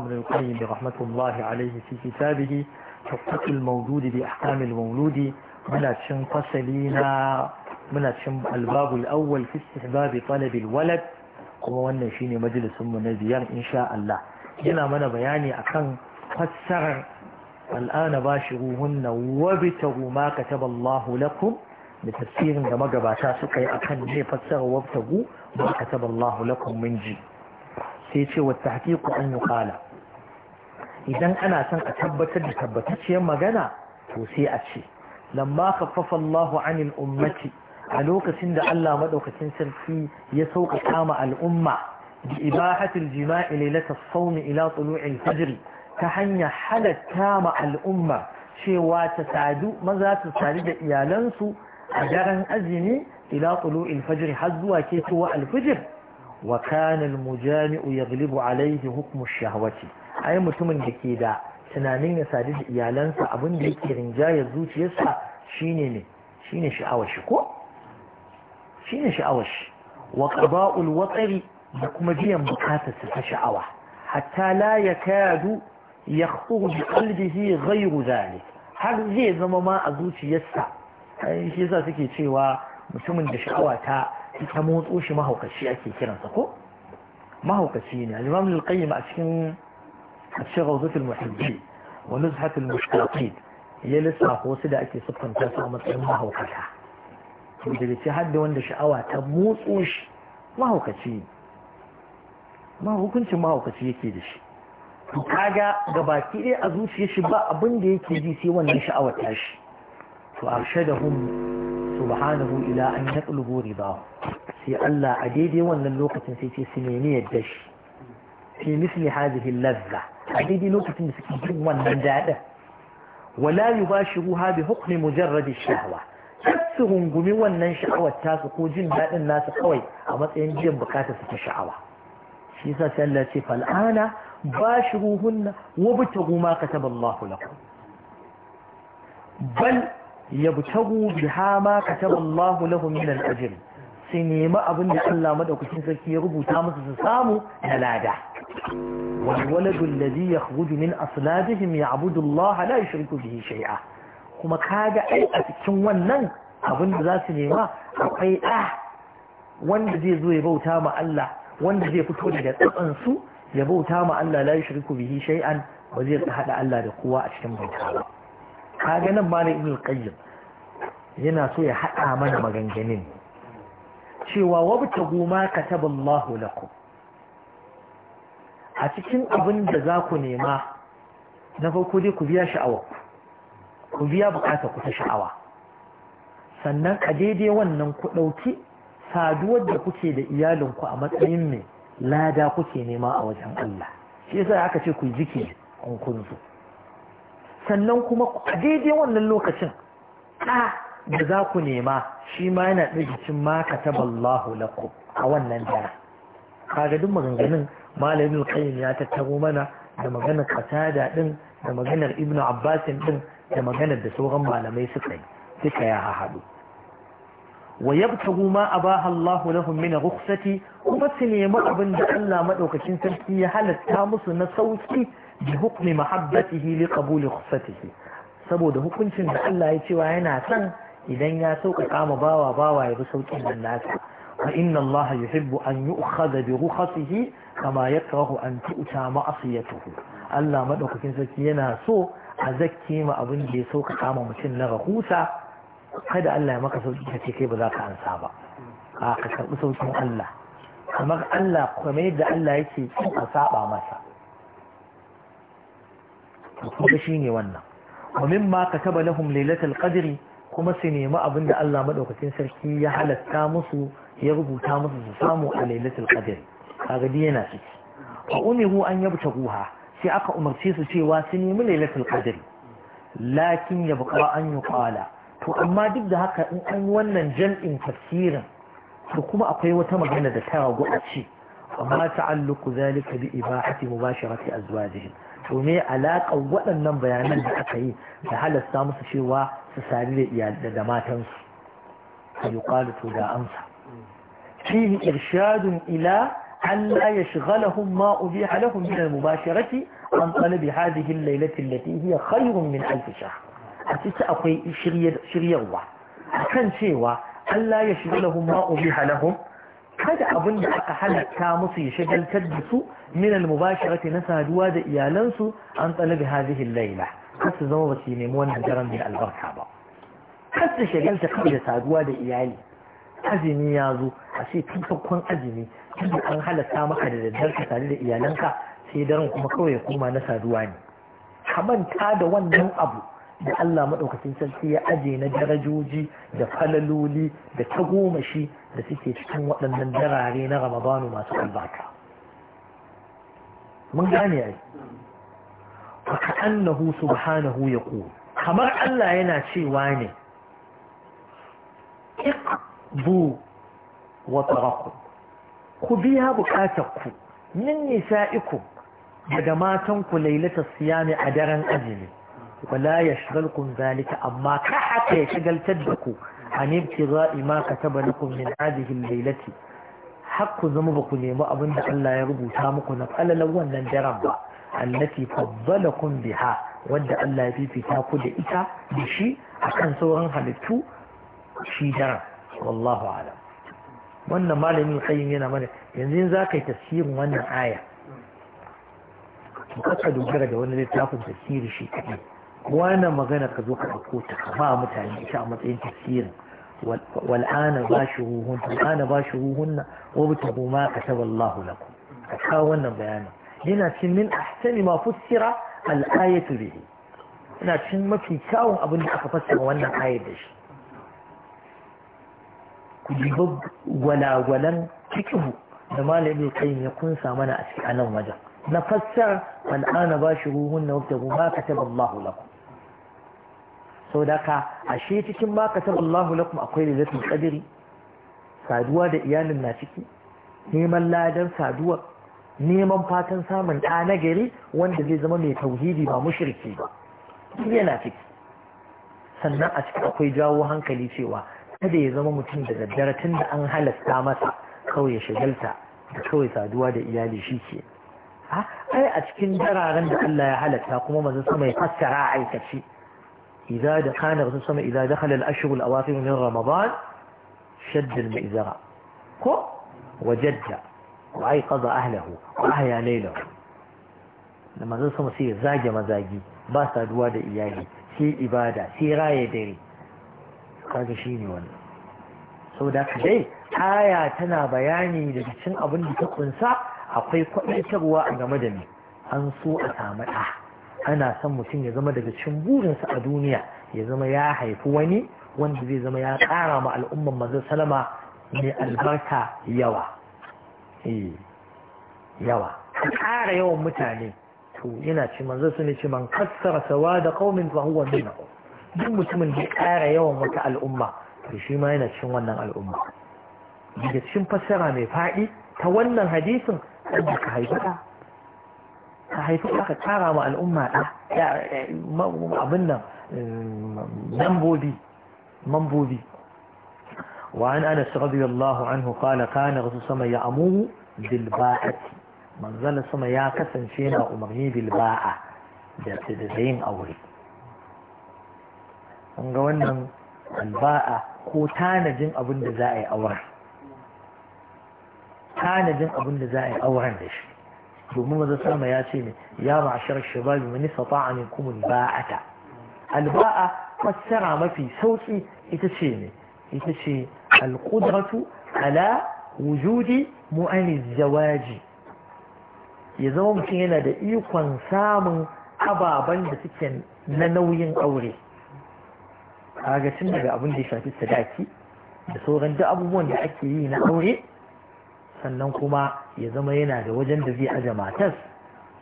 ابن القيم رحمة الله عليه في كتابه حقة المولود بأحكام المولود من شن فصلينا من شن الباب الأول في استحباب طلب kuma wannan shine majalisunmu na ziyar insha Allah yana mana bayani akan fassarar al'ana bashiruhunna wabtagu ma kataballahu lakum da tafsirin da magabata suka yi akan ne fassarar wabtagu ma kataballahu lakum min ji sai ce wa tahqiqu an yuqala idan ana son a tabbatar da tabbatacciyar magana to sai a ce lamma khaffafa Allahu anil ummati a lokacin da Allah madaukakin sarki ya sauka kama al'umma bi ibahatil jima'i lailatas sawmi ila tulu'il fajr ta hanyar halatta ma al'umma cewa ta sadu maza su sadu da iyalansu a daren azumi ila tulu'il fajr har zuwa ke cewa al-fajr wa kana al-mujami'u yaghlibu alayhi hukmu ash-shahwati ai mutumin da ke da tunanin ya sadu da iyalansa abin da yake rinjaya zuciyarsa shine ne shine sha'awar shi ko shine sha'awar shi wa qada'ul da kuma biyan bukatarsa ta sha'awa hatta la yakadu yakhuru bi qalbihi ghayru zalik har zai zama ma a zuciyarsa ai shi yasa suke cewa mutumin da sha'awa ta ta motso shi mahaukaci ake kiransa ko mahaukaci ne al-imam al-qayyim a cikin ce rawzatul muhibbi wa nuzhatul mushtaqin ya lissafa wasu da ake siffanta su a matsayin mahaukata to daga ce har da wanda sha'awa ta motso shi mahaukaci ne ma hukuncin mahaukaci yake da shi to kaga ga baki ɗaya a zuciyar shi ba abin da yake ji sai wannan sha'awar tashi to arshadahum subhanahu ila an yaqlubu ridahu sai Allah a daidai wannan lokacin sai ce su nemi yadda shi fi misli hadhihi lazza a daidai lokacin da suke jin wannan daɗin wala yi ba shi ruha bi hukmi mujarradi sha'awa kar su rungumi wannan sha'awar tasu ko jin daɗin nasu kawai a matsayin biyan bukata su ta sha'awa shi yasa sai Allah ce fal'ana ba shi ruhunna wa bitagu ka taba Allah lakum bal yabtagu biha ma taba Allah lahu, min al-ajr su nemi abin da Allah madaukakin sarki ya rubuta musu su samu na lada والولد الذي يخرج من أصلابهم يعبد الله لا يشرك به شيئا كما كاد أي أتكن ونن أظن ذات نيما أقي أه وان زي زو يبوتا مع الله وان زي فتو لك تقنسو يبوتا مع الله لا يشرك به شيئا وزي تحد الله لقوة أتكن بوتا هذا نما لابن القيم yana so ya haɗa mana maganganin cewa wabtagu ma kataballahu lakum a cikin abin da za ku nema na farko dai ku biya sha'awa ku biya bukata ku ta sha'awa sannan a daidai wannan ku ɗauki saduwar da kuke da iyalinku a matsayin mai lada kuke nema a wajen Allah shi yasa aka ce ku yi jiki in kun zo sannan kuma a daidai wannan lokacin ɗa da za ku nema shi ma yana ɗagicin ma ka kataballahu lakum a wannan dara kaga duk maganganun malamin qayyim ya tattaro mana da maganar qatada din da maganar ibnu abbasin din da maganar da sauran malamai suka yi suka ya hahadu wa yabtagu ma abaha Allah lahum min rukhsati kuma su nemi abin da Allah madaukakin sarki ya halatta musu na sauki bi hukmi mahabbatihi li qabul rukhsatihi saboda hukuncin da Allah ya cewa yana son idan ya sauƙaƙa ma bawa bawa ya bi sauƙin nan nasa فإن الله يحب أن يؤخذ برخصه كما يكره أن تؤتى معصيته ألا مدوك كنسك يناسو أزكي ما أبن جيسوك قام مشن لغخوسا قد ألا ما قصد كتكي بذاك عن سابا آقا كربسو كم ألا كما ألا قميد ألا يتي أصابا مسا وكل شيء وانا ومما كتب لهم ليلة القدر kuma su nemi abin da Allah maɗaukakin sarki ya halatta musu ya rubuta musu su samu a lailatul qadr kaga dai yana ciki fa umiru an yabtaguha sai aka umarce su cewa su nemi lailatul qadr lakin yabqa an yuqala to amma duk da haka in an wannan jam'in tafsirin to kuma akwai wata magana da ta ragu a ce amma ta'alluqu zalika bi ibahati mubasharati azwajihim to me alaƙar waɗannan bayanan da aka yi da halasta musu cewa su sami da iyalai da matansu a yi to da amsa فيه إرشاد إلى أن لا يشغلهم ما أبيح لهم من المباشرة عن طلب هذه الليلة التي هي خير من ألف شهر أتسع في شري الله كان سوى أن لا يشغلهم ما أبيح لهم هذا أبن حق كامس يشغل تدس من المباشرة نسى جواد إيالنس عن طلب هذه الليلة حتى زمان رسيني موانا جرم من البركة حتى شغل تقبل تدواد إيالي هذه نيازه a ce tun farkon azumi tun da an halatta maka da daddar ka tare da iyalanka sai daren kuma kawai ya koma na saduwa ne ka manta da wannan abu da Allah maɗaukacin sarki ya aje na darajoji da falaloli da tagomashi da suke cikin waɗannan darare na ramadanu masu albarka mun gane ai fa ka'annahu subhanahu yaqul kamar Allah yana cewa ne iqbu وطرقوا ku biya ku min nisa'ikum daga matanku lailata siyami a daren azumi wala yashghalkum zalika amma ka haka ya shagaltar da ku an ibtiza'i ma taba lakum min hadhihi lailati ku zama ba ku nemi abin da Allah ya rubuta muku na falalan wannan daren ba allati kun biha wadda Allah ya fifita ku da ita da shi akan sauran halittu shi daren wallahu a'lam wannan malamin tsayin yana mana yanzu za ka yi tasirin wannan aya ka ka dogara da wani littafin tasiri shi kaɗi wannan magana ka zo ka ɗauko ta kama mutane ita a matsayin tasirin wal'ana ba shi ruhun wal'ana ba shi ruhun na wabu ta goma ka ta wallahu lakum ka kawo wannan bayanin yana cin min ahsani ma fussira al'ayatu bihi yana cin mafi kyawun abin da aka fassara wannan ayar da shi ku dubi gwalagwalan fikihu da malamin kai ya kunsa mana a cikin nan wajen na fassar Al'ana ba shi ruhun na wata ba ka Allahu lakum sau da ka ashe cikin ba ka Allahu lakum akwai da zafin kadiri saduwa da iyalin na ciki neman ladan saduwa neman fatan samun ɗa na gari wanda zai zama mai tauhidi ba mushriki ba yana ciki sannan a ciki akwai jawo hankali cewa kada ya zama mutum da daddare tun da an halasta masa kawai ya shagalta da kawai saduwa da iyali shi ke ai a cikin dararen da Allah ya halatta kuma mazan sama ya fassara a aikace idan da kana mazan sama idza dakhala al-ashhur al-awakhir min ramadan shadda al-mizara ko wajadda wa kaza ahlihi wa ahya laylahu da mazan sama sai ya zage mazagi ba saduwa da iyali sai ibada sai raye dare kaga shi ne wani. sau da ka dai aya tana bayani daga cin abin da ta kunsa akwai kwaɗaitarwa a game da ni an so a samu ɗa ana son mutum ya zama daga cikin burinsa a duniya ya zama ya haifi wani wanda zai zama ya ƙara ma al'umman manzon salama mai albarka yawa eh, yawa ka ƙara yawan mutane to yana ce manzon su ne ce man kassara sawa da kaumin fahuwa minahum duk mutumin da ya ƙara yawan wata al'umma to shi ma yana cikin wannan al'umma daga cikin fassara mai faɗi ta wannan hadisin wanda ka haifi ɗa ka haifi ɗa ka ƙara ma al'umma ɗa abin nan eh, mambobi mambobi وعن أنس رضي الله عنه قال كان رسول الله يأمر بالباءة من ظل سما يا كسن شينا أمره بالباءة da ta da yin aure an ga wannan alba'a ko tanajin abin da za a yi auren tanajin abin da za a yi auren da shi domin maza sama ya ce ne ya ma'ashar shababi mani sata'a ne kuma ba'ata alba'a fassara mafi sauki ita ce ne ita ce alƙudratu ala wujudi mu'ani zawaji ya zama mutum yana da ikon samun ababen da suke na nauyin aure kaga tun daga abin da ya shafi sadaki da sauran duk abubuwan da ake yi na aure sannan kuma ya zama yana da wajen da zai aje matas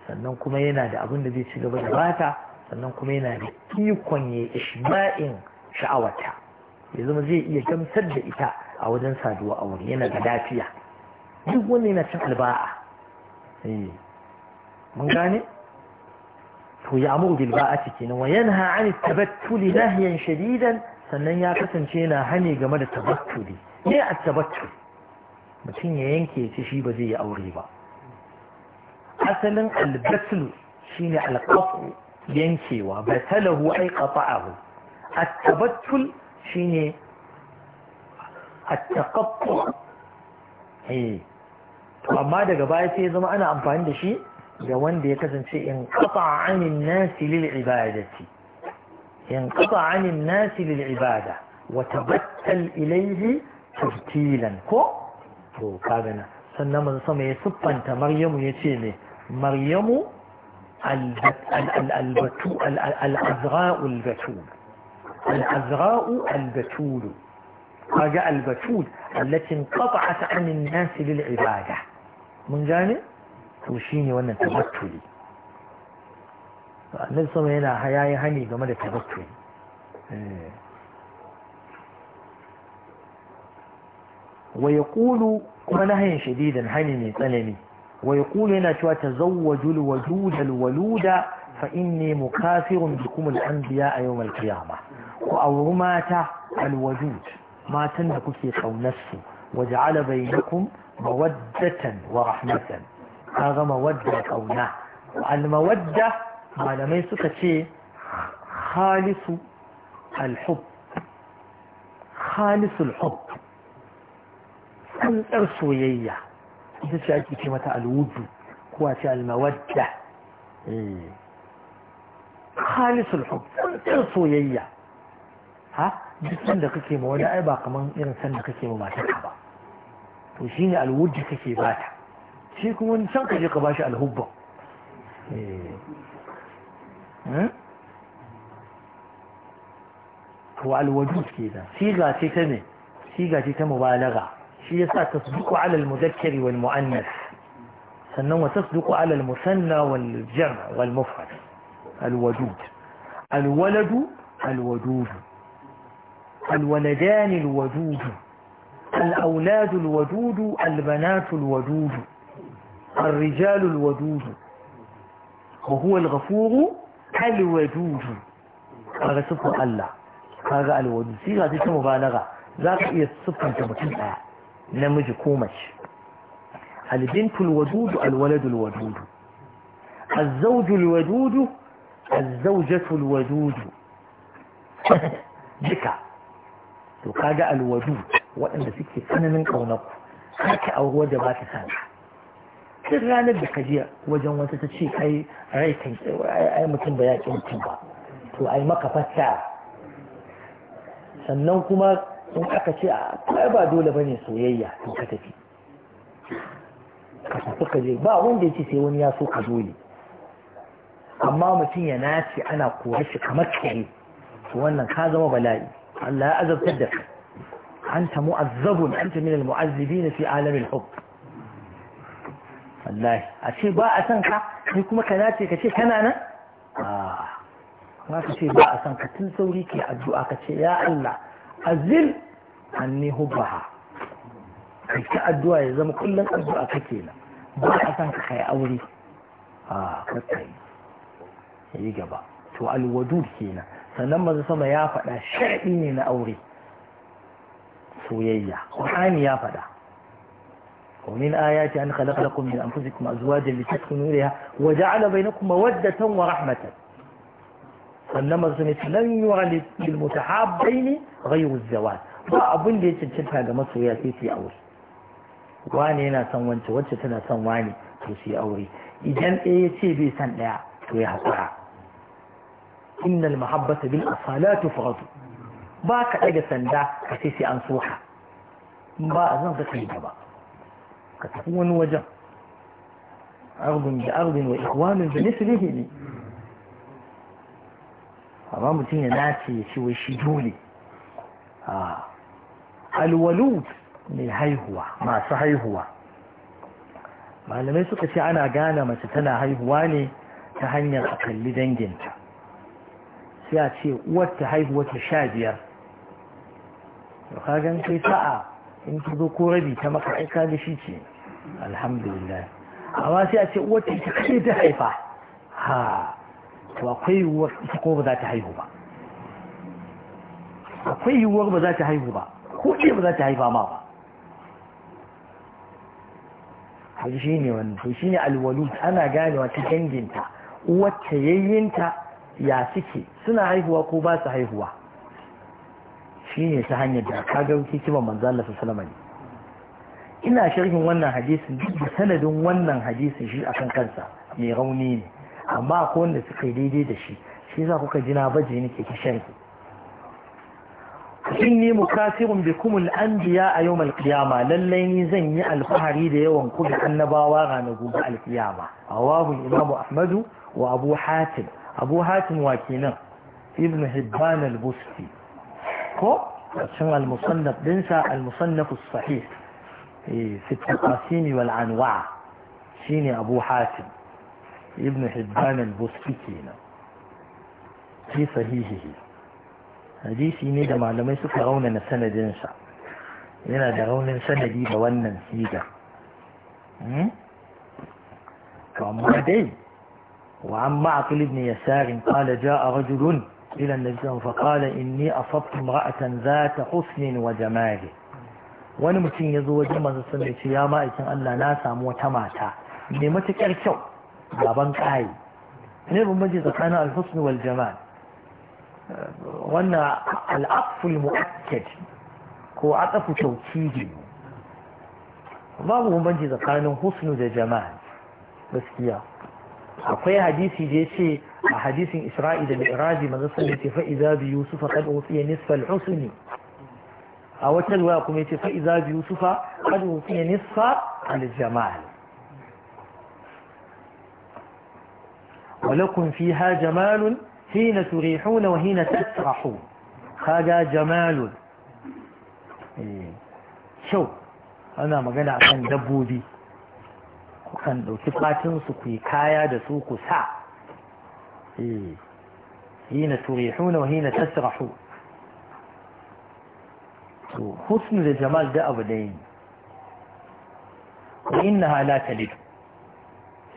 sannan kuma yana da abin da zai ci gaba da bata sannan kuma yana da ikon ya ishba'in sha'awata ya zama zai iya gamsar da ita a wajen saduwa aure yana da lafiya duk wanda yana cin alba'a eh, mun gane to ya amur bil a kenan wa yanha an tabattuli nahyan shadidan sannan ya kasance yana hane game da tabattuli ne a tabattul mutum ya yanke shi shi ba zai yi aure ba asalin albatlu shine alqafu yankewa batalahu ay qata'ahu at-tabattul shine at-taqattu eh to amma daga baya sai zama ana amfani da shi ga wanda ya kasance in kafa anin nasi lil ibadati in kafa anin nasi lil ibada wa tabattal ilaihi tabtilan ko to kaga na sannan mun sama ya siffanta maryamu ya ce ne maryamu الأزغاء البتول الأزغاء البتول رجاء البتول التي انقطعت عن الناس للعبادة من جانب to shi ne wannan tabattuli annabi sama yana haya ya hani game da tabattuli eh. wa yaqulu kuma nahayin shadidan hani mai tsanani wa yaqulu yana cewa tazawwajul wajudal waluda fa mu mukafirun bikum al anbiya a yawm al qiyamah ku auri mata al matan da kuke kaunar su waj'ala bainakum mawaddatan wa rahmatan Ka kaga mawadda kauna al-mawadda malamai suka ce halisu al-hub khalisul hub tsantsar soyayya ita ce ake ce mata alwudu ko a ce almawadda eh. khalisul hub tsantsar soyayya ha duk sanda kake ma wani ai ba kaman irin sanda kake ma matarka ba to shine alwudu kake bata shi kuma wani can ka je ka bashi alhubba to alwajud ke da siga ce ta ne siga ce ta mubalaga shi yasa tasduqu ala almudakkari wal muannas sannan wa tasduqu ala almusanna wal jam' wal mufrad alwajud alwaladu alwadud الولدان الودود الأولاد الودود البنات الودود الرجال الودود وهو الغفور الودود هذا صفر الله هذا الودود سيغة تلك مبالغة ذاك إيه صفر تبكين نمج كومش البنت الودود الولد الودود الزوج الودود الزوجة الودود جكا to الودود وأن waɗanda سنة من قونك haka أو da سنة duk ranar da ka wajen wata ta ce kai rai kan ai mutum ba ya ƙi mutum ba to ai maka fata sannan kuma in aka ce a ah, kai ba dole ba ne soyayya to ka tafi ka tafi ka je ba wanda ya ce sai wani ya so ka dole amma mutum ya nace ana kore shi kamar kare to wannan ka zama bala'i Allah ya azabtar da ka anta mu'azzabun anta min al-mu'azzibin fi alamil hubb wallahi a ce ba a son ka kai kuma ka nace ka ce kana nan ba ah, ka ce ba a son ka tun sauri ke addu'a ka ce ya Allah azil anni hubbaha kai ta addu'a ya zama kullum addu'a kake nan ba a son ka kai aure a ah, kai ya yi gaba to alwadud kenan sannan mazu sama ya faɗa sharaɗi ne na aure soyayya ƙwarani ya faɗa ومن آيات أن خلق لكم من أنفسكم أزواجا لتسكنوا إليها وجعل بينكم مودة ورحمة سنما سنت لن يرى للمتحابين غير الزواج ba abin da ya cancanta ga masoya sai su yi aure wani yana son wance wacce tana son wani to su yi aure idan e ya ce bai san ɗaya to ya haƙura innal mahabbata bil asalatu faratu ba ka ɗaga sanda ka sai an soka ba a zan saka kai ba ka tafi wani wajen arbin da arbin wa ikwanin da mislihi ne amma mutum ya nace ya ci wai shi dole a alwalud mai haihuwa masu haihuwa malamai suka ce ana gane mace tana haihuwa ne ta hanyar a kalli danginta sai a ce uwarta haihuwa ta sha biyar da kagan kai sa'a in ki zo ko rabi ta maka aika da shi ce alhamdulillah amma sai a ce wata ita kai ta haifa ha to akwai yiwuwar ita ko ba za ta haihu ba akwai yiwuwar ba za ta haihu ba ko ce ba za ta haifa ma ba to shi ne wannan to shi ne alwalu ana ganewa ta danginta wacce yayyinta ya suke suna haihuwa ko ba su haihuwa shi ne ta hanyar da kaga kiban manzo Allah sallallahu alaihi wasallam ina sharhin wannan hadisin duk da sanadin wannan hadisin shi akan kansa mai rauni ne amma ko wanda suka yi daidai da shi shi za kuka ji na baje nake ta sharhi inni mukasirun bikum al-anbiya a yawm al lallai ni zan yi alfahari da yawan ku da annabawa ranar gobe alkiyama qiyama awahu imam ahmadu wa abu hatim abu hatim wa kenan ibn hibban al-busti ko cikin al-musannaf dinsa al-musannaf sahih في إيه، التقاسيم والعنواع شيني أبو حاتم ابن حبان البسكتين في صحيحه هذه شيني دا معلمة سفرون نسنة دنشا هنا دعون نسنة دي بوانا نسيدا فأما دي وعما عقل ابن يسار قال جاء رجل إلى النجزة فقال إني أصبت امرأة ذات حسن وجماله wani mutum ya zo wajen masu sun da ce ya ma'aikin Allah na samu wata mata mai matuƙar kyau gaban ƙayi ne bambanci tsakanin alhusni wal jamal wannan al'aful mu'akkad ko a atafu tawkidi babu bambanci tsakanin husnu da jama'a. gaskiya akwai hadisi da ya ce a hadisin isra'i da mi'raji manzo sun da ce fa idza bi yusuf qad usiya nisfa al-husni a wata ruwa kuma ya ce fa'iza biyu sufa kan wuce nisfa aljamal ولكم فيها wa hina تريحون وحين تسرحون هذا جمال شو أنا مغانا عن دبودي kukan ɗauki fatinsu ku yi kaya da su ku sa hina turihuna wa hina tasrahu to husnu da jamal da abu da yi wa inna hala talid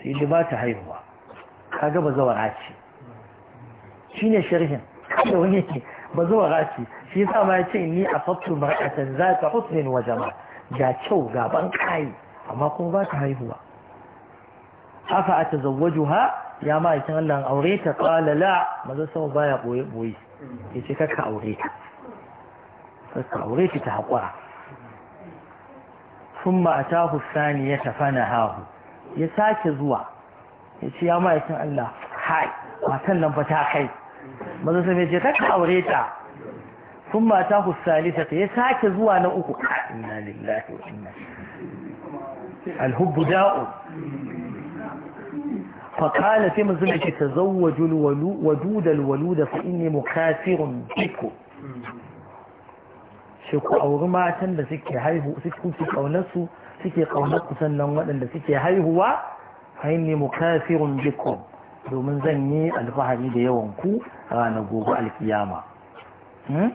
sai da ba ta haihuwa Ka ga ba ra'ci. Shi ne sharhin da wani ke ba zuwa ra'ci. shi yasa ma ce ni a afattu mar'atan ka husnin wa jamal ga kyau ga ban amma kuma ba ta haihuwa Haka a ta afa ha, ya ma'aikin aure ta qala maza sama baya boye boye ce kaka aure ta فالتوريث تحقرها ثم أتاه الثانية فنهاه يساك زوا يسي أما يسمع الله حي ما سلم بتاكي ماذا سمي جتك أوريته ثم أتاه الثالثة يساك زوا نأوه إنا لله وإنا الهب داء فقال في مزمك تزوج الولو الولود فإني مكاثر بكم sai ku auri matan da suke haihu suke kaunarsu suke kaunar ku sannan waɗanda suke haihuwa fa inni mukafirun bikum domin zan yi alfahari da yawan ku ranar gobe alkiyama hmm?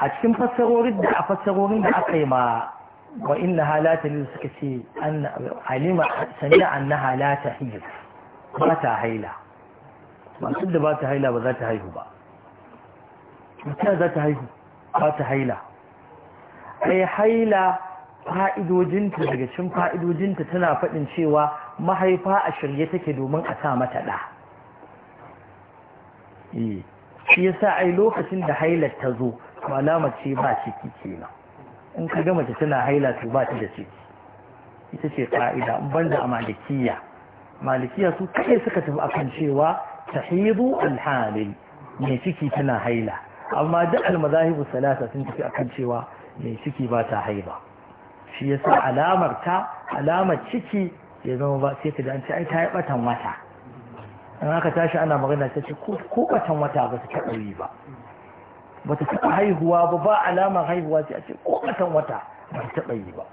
a cikin fassarorin da a fassarorin da aka yi ma wa inna halata ne suka ce halima sanya anna halata hiyar ba ta haila masu da ba ta haila ba za ta haihu ba mutum za ta haihu ba ta haila ai haila fa'idojinta daga cikin fa'idojinta tana faɗin cewa mahaifa a shirye take domin a sa mata ɗa eh, shi a ai lokacin da hailar ta zo to alamar ce ba ciki kenan in ka ga mace tana haila to ba ta da ciki ita ce fa'ida banda a malikiya malikiya su kai suka tafi akan cewa ta tahidu alhalin mai ciki tana haila amma duk almazahibu salasa sun tafi akan cewa mai ciki ba ta haiba shi yasa alamar ta alamar ciki ya zama ba sai ta ji ai ta yi batan wata an aka tashi ana magana ta ce ko batan wata ba ta taɓa yi ba ba ta taɓa haihuwa ba ba alamar haihuwa sai a ce ko batan wata ba ta taɓa yi ba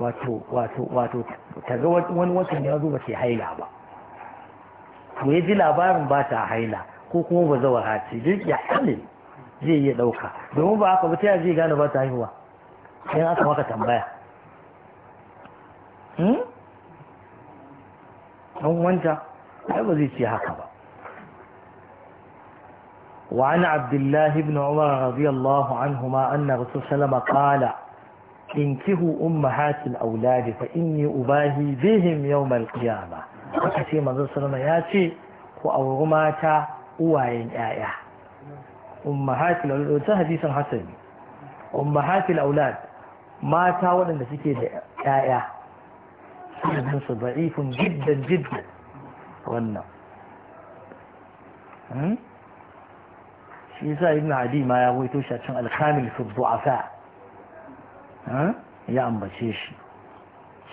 wato wato wato ta ga wani watan ya zo ba ta haila ba to ya ji labarin ba ta haila ko kuma ba zawa haci duk ya hamil zai iya ɗauka domin ba haka ba ta zai gane ba ta haihuwa in aka maka tambaya hmm? an wanta ai ba zai ce haka ba وعن عبد الله بن عمر رضي الله عنهما أن رسول سلم قال انكهوا أمهات الأولاد فإني أباهي بهم يوم القيامة وكثير من رسول سلم ياتي وأورماتا uwayen ƴaƴa ummahatil aulad ta hadisin hasan ummahatil aulad mata waɗanda suke da ƴaƴa sunan su da'ifun jiddan jiddan wannan hmm? shi yasa ibn adi ma ya waito shi a cikin alkamil fi du'afa hmm? ya ambace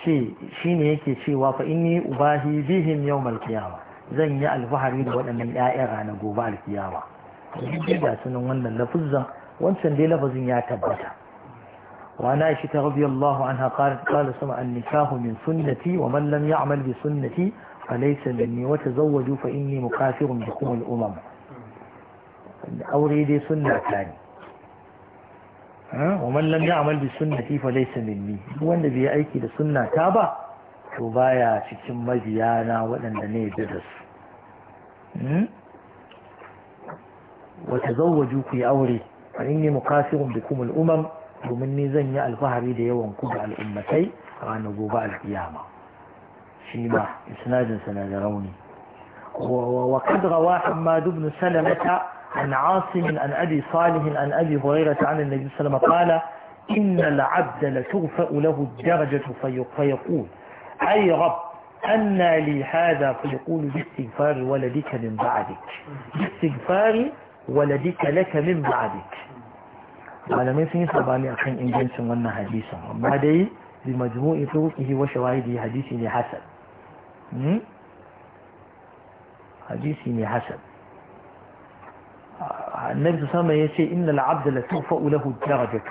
shi shi ne yake cewa fa inni ubahi bihim yawmal qiyamah zan yi alfahari da waɗannan ‘ya’yan ranar gobe alfiyawa yi da sunan wannan lafizan wancan dai lafizin ya tabbata wana shi ta rabi Allahu an haƙar ƙala sama an nikahu min sunnati wa man lam ya'mal bi sunnati fa laysa minni wa tazawwaju fa inni mukafirun bi kum al umam aure dai sunna ta ne wa man lam ya'mal bi sunnati fa laysa minni wanda bai yi aiki da sunnata ba to baya cikin mabiyana waɗanda ne da su wata zawwaju ku yi aure a inni mukasirun bikum al'umam domin ni zan yi alfahari da yawan ku da al'ummatai ranar gobe alkiyama shi ba isnadin sa na da rauni وقد روى حماد بن سلمة عن an عن أبي صالح عن أبي هريرة عن النبي صلى الله عليه وسلم قال إن العبد لتغفأ له الدرجة فيقول أي رب أن لي هذا فيقول باستغفار ولدك من بعدك باستغفار ولدك لك من بعدك ولم يسمي سباني إن إنجان سنونا حديثا ما دي بمجموع طرقه وشواهد حديث لحسن حديث لحسن النبي صلى الله عليه وسلم يقول إن العبد لتوفأ له الدرجة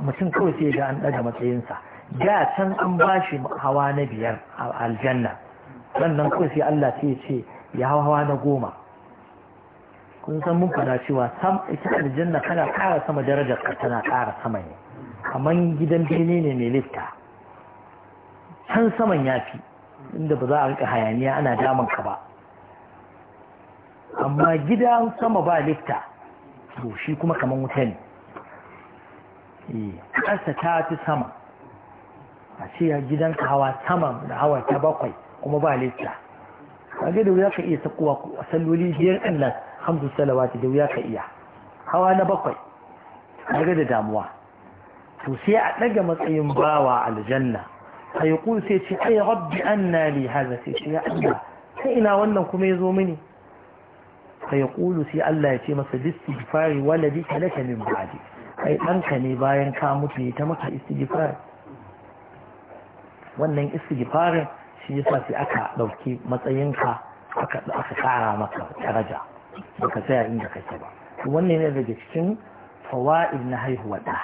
مثل كويسي إذا أن أجمت إنسان da can an ba bashi hawa na biyar a aljanna sannan kawai sai Allah ce ce ya hau hawa na goma kun san mun fada cewa sam ita aljanna kana ƙara sama darajar ka tana ƙara sama ne kamar gidan bene ne mai lifta San saman yafi inda ba za a rika hayaniya ana daman ka ba amma gidan sama ba lifta to shi kuma kamar wuta ne eh, ƙasa ta fi sama a ce ya hawa sama da hawa ta bakwai kuma ba lita A da wuya ka iya sakuwa salloli biyar ɗin nan hamdu salawati da wuya ka iya hawa na bakwai A da damuwa to sai a ɗaga matsayin bawa aljanna a yi sai ce ai rabbi anna li haza sai ce ya Allah sai ina wannan kuma ya zo mini فيقول سي الله يتي مسا باستغفار ولدك لك من بعدي أي أنك ني باين كامت ني تمك استغفار wannan istighfarin shi yasa sai aka ɗauki matsayinka aka aka kara maka daraja baka tsaya inda kake ba wannan ne daga cikin fawa'id na haihuwa da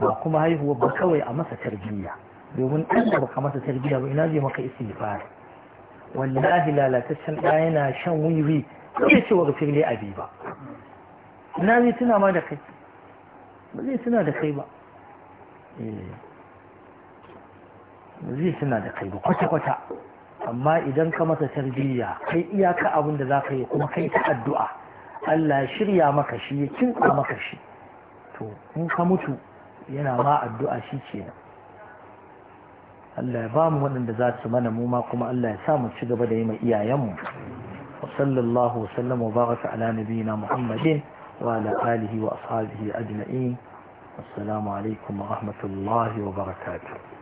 ba kuma haihuwa ba kawai a masa tarbiyya domin ɗan da baka masa tarbiyya ba ina zai maka istighfar wallahi lalataccen ɗa yana shan wiwi zai ce wa gafir abi ba ina zai tuna ma da kai ba zai tuna da kai ba eh. zai suna da kai ba kwata-kwata amma idan ka masa tarbiyya kai iyaka abin da za ka yi kuma kai ta addu'a Allah ya shirya maka shi ya kinka maka shi to in ka mutu yana ma addu'a shi ke Allah ya ba mu waɗanda za su mana mu ma kuma Allah ya sa mu ci gaba da yi ma iyayenmu wa sallallahu sallam wa baraka ala nabiyina muhammadin wa ala alihi wa ashabihi ajma'in assalamu alaikum wa rahmatullahi wa barakatuh